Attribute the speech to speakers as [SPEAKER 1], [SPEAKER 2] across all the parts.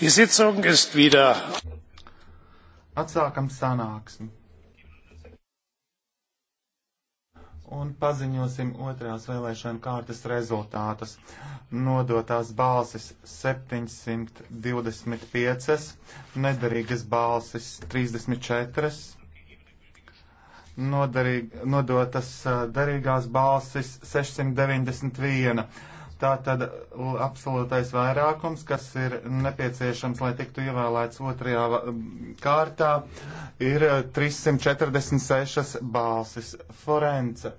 [SPEAKER 1] Die Sitzung ist wieder. Atsākam sanāksmi. Un paziņosim otrās vēlēšana kārtas rezultātus. Nodotās balsis 725, nederīgas balsis 34, nodarīg, nodotas derīgās balsis 691. Tātad absolūtais vairākums, kas ir nepieciešams, lai tiktu ievēlēts otrajā kārtā, ir 346 balsis. Forence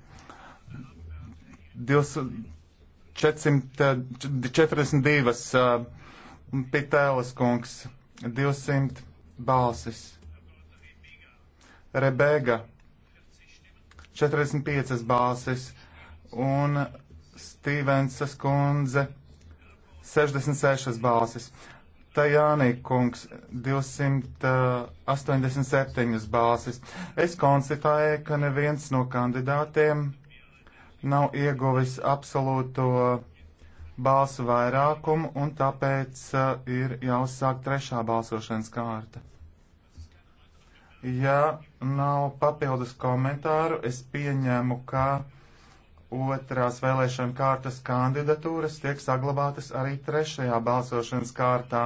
[SPEAKER 1] 442, Pitēlas kungs 200 balsis. Rebega 45 bāzes un Stīvensas kundze 66 bāzes. Tajānī kungs 287 bāzes. Es konstatēju, ka neviens no kandidātiem nav ieguvis absolūto balsu vairākumu, un tāpēc uh, ir jāuzsāk trešā balsošanas kārta. Ja nav papildus komentāru, es pieņēmu, ka otrās vēlēšana kārtas kandidatūras tiek saglabātas arī trešajā balsošanas kārtā.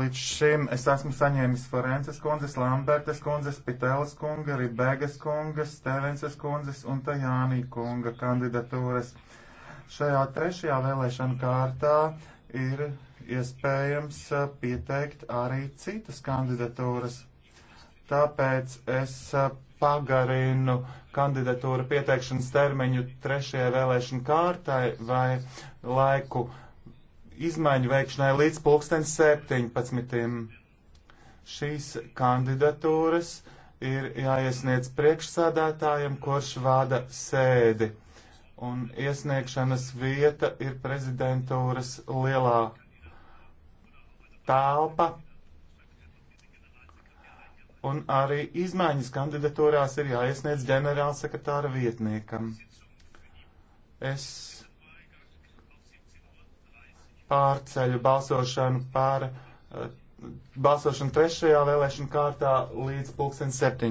[SPEAKER 1] Līdz šim es esmu saņēmis Forences kundzes, Lambertes kundzes, Pitēlas kunga, Ribegas kunga, Stevenses kundzes un Tajānī kunga kandidatūras. Šajā trešajā vēlēšana kārtā ir iespējams uh, pieteikt arī citas kandidatūras. Tāpēc es eh, pagarinu kandidatūru pieteikšanas termiņu trešajai vēlēšana kārtai vai laiku izmaiņu veikšanai līdz pulksten 17. Šīs kandidatūras ir jāiesniedz priekšsādātājiem, kurš vada sēdi, un iesniegšanas vieta ir prezidentūras lielā telpa un arī izmaiņas kandidatūrās ir jāiesniedz ģenerālsekretāra vietniekam. Es pārceļu balsošanu par eh, balsošanu trešajā vēlēšana kārtā līdz pulksten septiņiem.